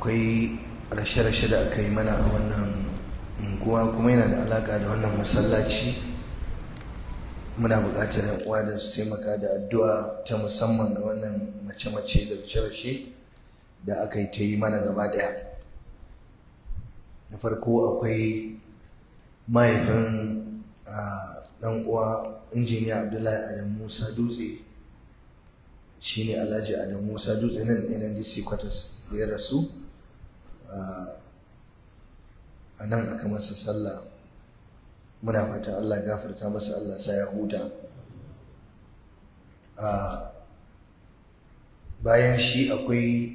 akwai rashe-rashe da aka yi mana a wannan unguwa kuma yana da alaka da wannan masallaci muna buƙatar yan uwa da su taimaka da addu'a ta musamman da wannan mace-mace da rashe-rashe da aka yi ta yi mana gaba daya na farko akwai mahaifin ɗan uwa injiniya abdullahi adam musa dutse shine alhaji adam musa dutse nan nndc kwatas da ya rasu a nan aka masa sallah muna fata Allah gafarta masa Allah sa ya huta bayan shi akwai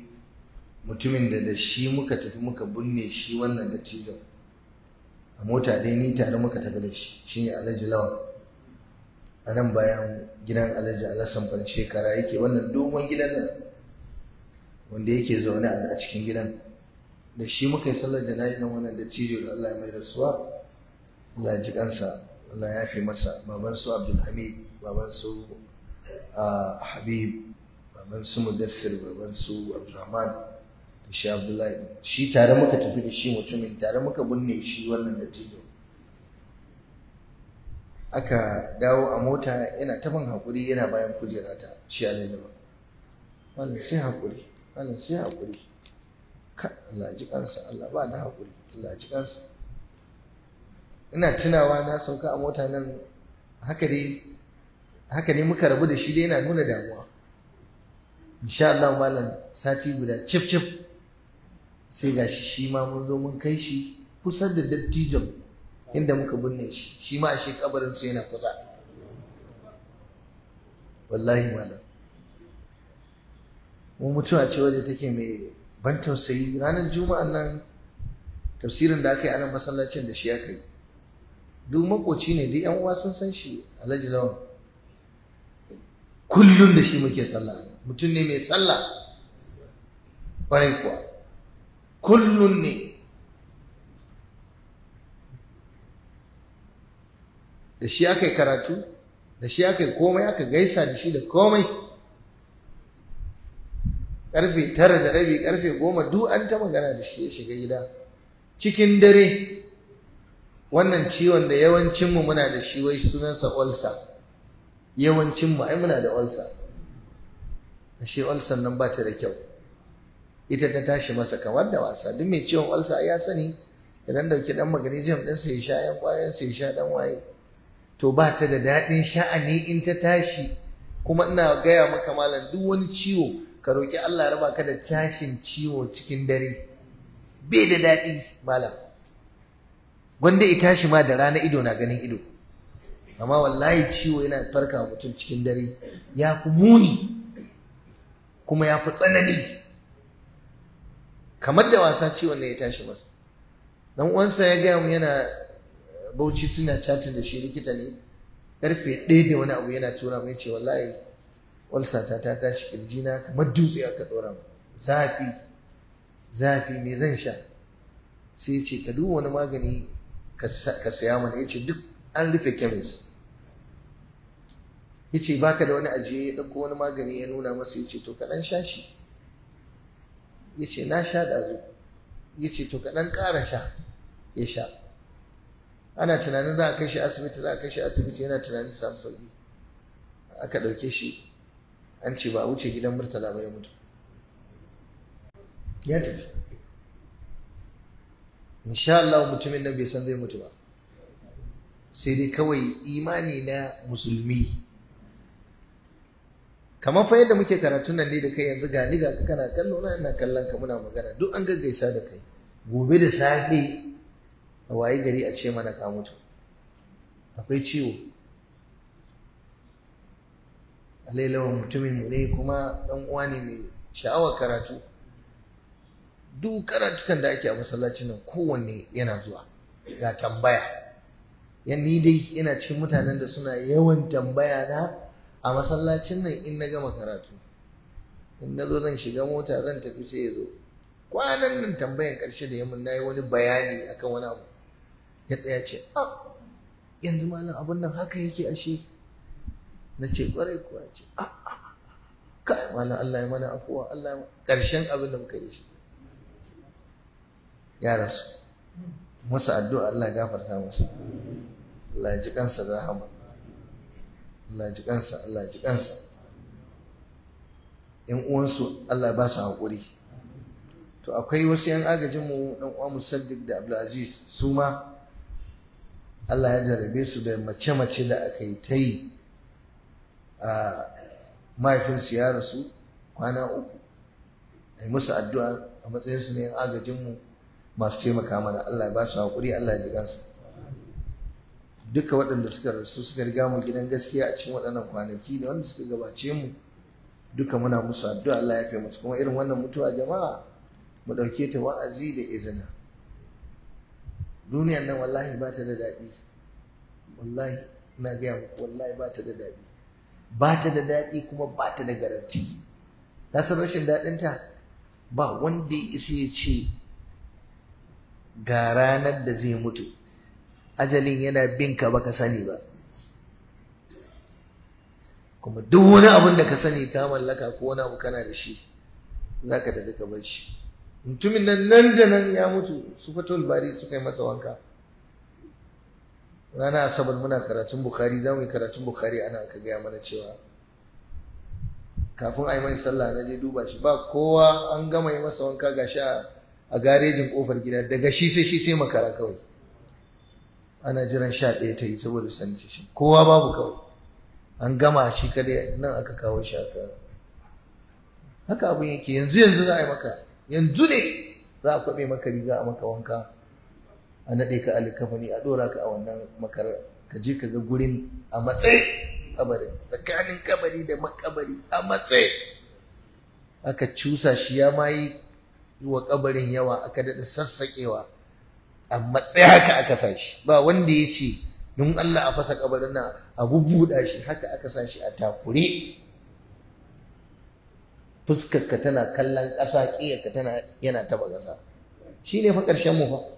mutumin da da shi muka tafi muka binne shi wannan dattijan a mota dai ni tare muka tafi da shi shi ne alhaji lawan a nan bayan gidan alhaji alasan shekara yake wannan dogon gidan nan wanda yake zaune a cikin gidan da shi muka yi sallar na wannan da cire da Allah ya mai rasuwa Allah ya ji kansa Allah ya fi masa baban su Hamid baban su Habib baban su Mudassir baban su Abdulrahman da shi Abdullahi shi tare muka tafi da shi mutumin tare muka binne shi wannan da cire aka dawo a mota yana ta ban hakuri yana bayan kujerata shi a lalaba wannan sai hakuri wannan sai hakuri Allah ji kansa Allah ba da haƙuri Allah ji kansa ina tunawa na sauka a mota nan haka dai haka ne muka rabu da shi dai yana nuna damuwa insha Allah malam sati guda cif cif sai gashi shi ma mun zo mun kai shi kusa da dattijon inda muka binne shi shi ma shi kabarin su yana kusa wallahi malam mu mutuwa ce wadda take mai ban tausayi ranar juma'an nan tafsirin da aka yi anan masallacin da shi aka yi duk makoci ne duk yan uwa sun san shi alhaji lawan kullum da shi muke sallah mutum ne mai sallah ƙwarai kuwa kullum ne da shi aka yi karatu da shi aka yi komai aka gaisa da shi da komai karfe tara da rabi karfe goma duk an ta magana da shi ya shiga gida cikin dare wannan ciwon da yawancinmu muna da shi wai sunansa olsa yawancinmu ai muna da olsa ashe olsan nan ba ta da kyau ita ta tashi masa kamar da wasa duk mai ciwon olsa ya sani idan dauki dan magnesium din sai sha yan kwayan sai sha dan waye to ba ta da daɗin sha'ani in ta tashi kuma ina gaya maka malam duk wani ciwo ka roƙi Allah raba ka da tashin ciwo cikin dare bai da daɗi malam gwanda ya tashi ma da rana ido na ganin ido amma wallahi ciwo yana farka mutum cikin dare ya fi muni kuma ya fi tsanani kamar da wasa ciwon da ya tashi masa dan uwansa ya gaya mu yana bauchi suna chatin da shi likita ne karfe ɗaya da wani abu yana tura mai ce wallahi walsa ta ta tashi na kamar dutse aka ɗora zafi zafi me zan sha sai ce ka duba wani magani ka saya mana ya ce duk an rufe kemis ya ce ba ka da wani ajiye ya ɗauko wani magani ya nuna masa ya ce to kaɗan sha shi ya ce na sha ɗazu ya ce to kaɗan ƙara sha ya sha ana tunanin za a kai shi asibiti za a kai shi asibiti yana tunanin samu sauki aka ɗauke shi an ce ba a wuce gidan murtala ba ya mutu ya tafi insha Allah mutumin nan bai san zai mutu ba sai dai kawai imani na musulmi kamar fa yadda muke karatu nan ne da kai yanzu ni ga kana kallo na ina kallon ka muna magana duk an gaggaisa da kai gobe da safe a waye gari a ce mana ka mutu akwai ciwo lailawan mutumin mu ne kuma dan uwa ne mai sha'awar karatu duk karatukan da ake a masallaci nan kowanne yana zuwa ga tambaya yan dai yana cikin mutanen da suna yawan tambaya na a masallacin nan in na gama karatu in na zo zan shiga mota zan tafi sai ya zo kwanan nan tambayan karshe da yamma na yi wani bayani akan wani abu ya tsaya ce a ah, yanzu malam abin nan haka yake ashe na ce kwarai kuwa ce a ah, ah, ah, kai mana Allah ya mana afuwa Allah ya karshen abin da muka yi shi ya rasu masa addu'a Allah ya gafarta masa Allah ya ji kansa da rahama Allah ya ji kansa Allah ya ji kansa yan uwansu Allah ya ba su haƙuri to akwai wasu yan agajin mu dan uwa musaddiq da Aziz su ma Allah ya jarabe su da mace-mace da aka yi ta yi mahaifinsu ya rasu kwana uku a yi musu addu'a a matsayinsu ne agajinmu masu taimaka mana Allah ba su haƙuri Allah ji gansu duka waɗanda suka rasu suka riga mu gidan gaskiya a cikin waɗannan kwanaki da wanda suka gabace mu duka muna musu addu'a Allah ya fi musu kuma irin wannan mutuwa jama'a mu ɗauke ta wa'azi da izina duniyan nan wallahi ba ta da daɗi wallahi na gaya muku wallahi ba ta da daɗi ba ta da daɗi kuma ba ta da garanti na san rashin daɗinta ba wanda ya isa ya ce ga ranar da zai mutu ajalin yana bin ka baka sani ba kuma duk wani abin da ka sani ka mallaka ko wani abu kana da shi za ka tafi ka bar shi mutumin nan nan da nan ya mutu su fatul bari suka yi masa wanka rana asabar muna karatun bukhari za mu yi karatun bukhari ana aka gaya mana cewa kafin a yi mai sallah na je duba shi ba kowa an gama yi masa wanka ga sha a garejin kofar gida daga shi sai shi sai makara kawai ana jiran sha ɗaya ta yi saboda sanci shi kowa babu kawai an gama shi kadai nan aka kawo shi aka haka abin yake yanzu yanzu za a yi maka yanzu ne za a kwaɓe maka riga a maka wanka a naɗe ka alikafani a ɗora ka a wannan makar ka je ka ga gurin a matsayi kabarin tsakanin kabari da makabari a matsayi aka cusa shi ya ma yi wa kabarin yawa aka daɗa sassaƙewa a matsayi haka aka sa shi ba wanda ya ce don Allah a fasa kabarin na a bubuɗa shi haka aka sa shi a takure fuskarka tana kallon ƙasa ka tana yana taɓa ƙasa shi ne fa ƙarshen mu fa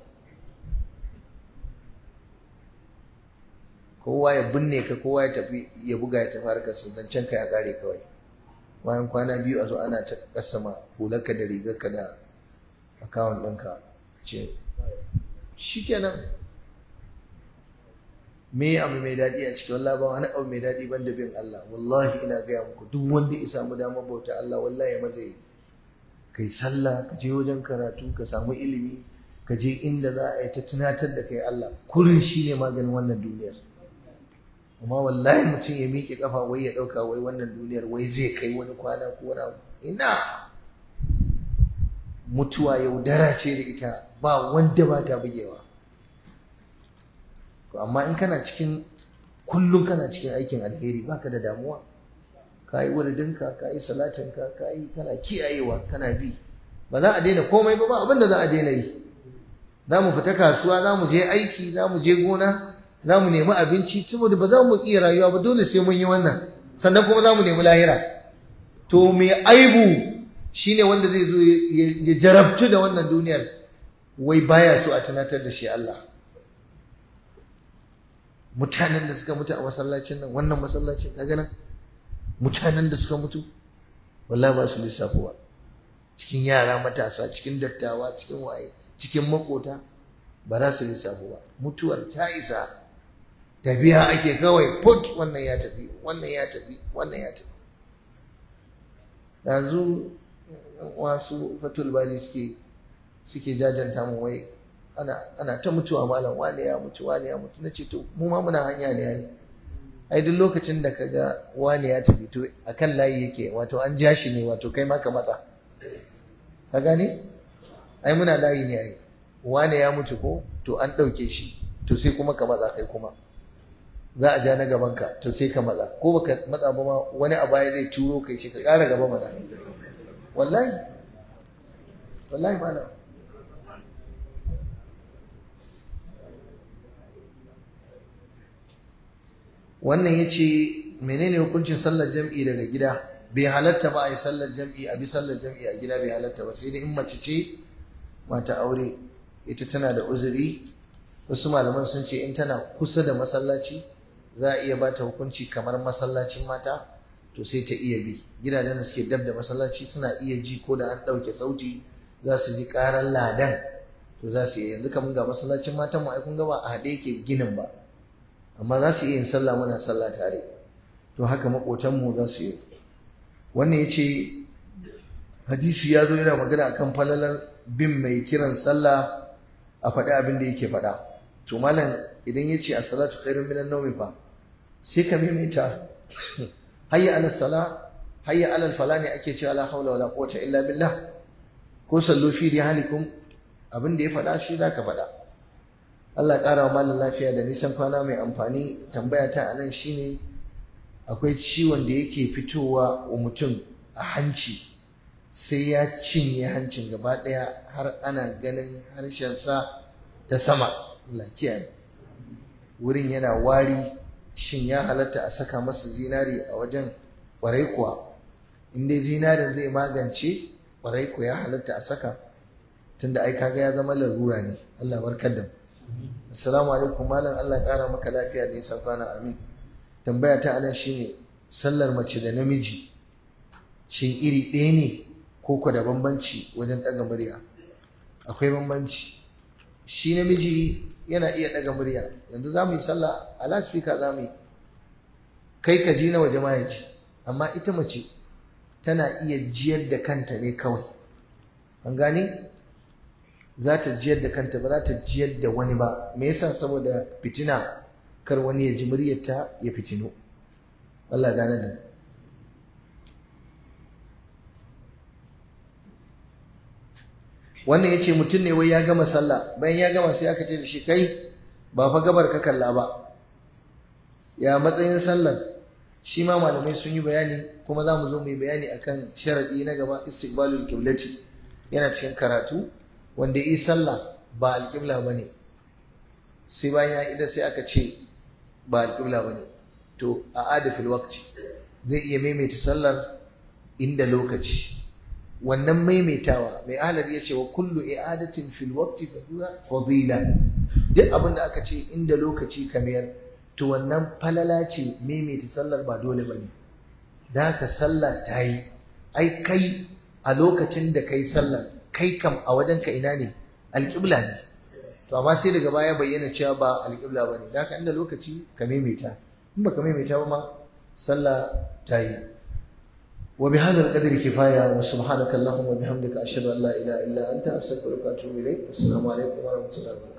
kowa ya binne ka kowa ya tafi ya buga ya tafi harkar sun zancen ka ya kare kawai bayan kwana biyu a zo ana ta kasama ka da rigarka da akawun ɗinka ce shikenan me abu mai daɗi a cikin wallah ba wani abu mai daɗi ban da bin Allah wallahi ina gaya muku duk wanda ya samu damar bauta Allah wallahi ya maza kai sallah ka je wajen karatu ka samu ilimi ka je inda za a yi ta tunatar da kai Allah kurin shi ne maganin wannan duniyar amma wallahi mutum ya miƙe kafa wai ya ɗauka wai wannan duniyar wai zai kai wani kwana ko wani abu ina mutuwa yaudara ce da ita ba wanda ba ta bugewa amma in kana cikin kullum kana cikin aikin alheri baka da damuwa ka yi wuridinka ka yi salatinka ka yi kana kiyayewa kana bi ba za a daina komai ba ba abin za a daina yi za mu fita kasuwa za mu je aiki za mu je gona za mu nemi abinci saboda ba za mu iya rayuwa ba dole sai mun yi wannan sannan kuma za mu nemi lahira to mai aibu shine wanda zai zo ya jarabtu da wannan duniyar wai baya so a tunatar da shi Allah mutanen da suka mutu a masallacin nan wannan masallacin ka gana mutanen da suka mutu wallahi ba su lissafuwa cikin yara matasa cikin dattawa cikin waye cikin makota ba za su lissafuwa mutuwar ta isa tafiya ake kawai put wannan ya tafi wannan ya tafi wannan ya tafi yanzu wasu fatul bali suke suke jajanta mu wai ana ta mutuwa malam wane ya mutu wane ya mutu nace to mu ma muna hanya ne ai ai duk lokacin da kaga wane ya tafi to akan layi yake wato an ja shi ne wato kai ma ka matsa ka gane ai muna layi ne ai wane ya mutu ko to an ɗauke shi to sai kuma ka matsa kai kuma za a ja na gabanka, ka to sai ka matsa ko baka matsa ba ma wani a baya zai turo kai shi, ka kara gaba mana wallahi wallahi ba wannan ya ce menene hukuncin sallar jam'i daga gida bai halatta ba a yi sallar jam'i a bi sallar jam'i a gida bai halatta ba sai da in mace ce mata aure ita tana da uzuri wasu malaman sun ce in tana kusa da masallaci za a iya ba ta hukunci kamar masallacin mata to sai ta iya bi gidajen da suke dab da masallaci suna iya ji ko da an ɗauke sauti za su ji ƙarar ladan to za su iya yanzu kamar ga masallacin matan mu ai kun ba a haɗe yake ginin ba amma za su iya yin sallah muna sallah tare to haka maƙotan mu za su yi wannan yace hadisi ya zo yana magana akan falalar bin mai kiran sallah a faɗi abin da yake faɗa to malam idan yace ce a salatu khairun minan nawmi fa sai ka maimaita hayya ala sala hayya ala fala ne ake cewa la haula wala quwwata illa billah ko sallu fi rihalikum abin da ya faɗa shi za ka faɗa Allah ƙara wa malin lafiya da nisan kwana mai amfani tambaya ta nan shine akwai ciwon da yake fitowa wa mutum a hanci sai ya cinye hancin gaba ɗaya har ana ganin harshensa ta sama lakiyar wurin yana wari shin ya halatta a saka masa zinari a wajen kwarai kuwa in dai zinarin zai magance kwarai kuwa ya halatta a saka tunda ai kaga ya zama larura ne Allah barkar da assalamu alaikum malam Allah kara maka lafiya da nisan kwana amin tambaya ta anan shine sallar mace da namiji shin iri ɗaya ne ko da bambanci wajen ɗaga murya akwai bambanci shi namiji yana iya ɗaga murya yanzu za mu yi sallah a lasfika za mu yi kai ka ji na waje ma ya ji amma ita mace tana iya jiyar da kanta ne kawai an gane za ta jiyar da kanta ba za ta jiyar da wani ba me yasa saboda fitina kar wani ya ji muryarta ya fitino Allah ya gane da wannan ya ce mutum ne wai ya gama sallah bayan ya gama sai aka ce da shi kai ba fa gabar ka kalla ba ya matsayin sallar shi ma malamai sun yi bayani kuma za mu zo mu yi bayani akan sharaɗi na gaba istiqbalul qiblati yana cikin karatu wanda yi sallah ba alƙibla ba ne sai bayan ya ida sai aka ce ba alƙibla ba ne to a adafil wakti zai iya maimaita sallar inda lokaci wannan maimaitawa mai ahalar ya ce wa kullu i'adatin fil waqti fadila duk abin da aka ce inda lokaci kamar to wannan falala ce maimaita sallar ba dole bane da haka sallah ta yi ai kai a lokacin da kai sallar kai kam a wajen ka ina ne alƙibla ne to amma sai daga baya bayyana cewa ba alƙibla ba ne da haka inda lokaci ka maimaita in ba ka maimaita ba ma sallah ta yi وبهذا القدر كفاية وسبحانك اللهم وبحمدك أشهد أن لا إله إلا أنت أستغفرك وأتوب إليك والسلام عليكم ورحمة الله وبركاته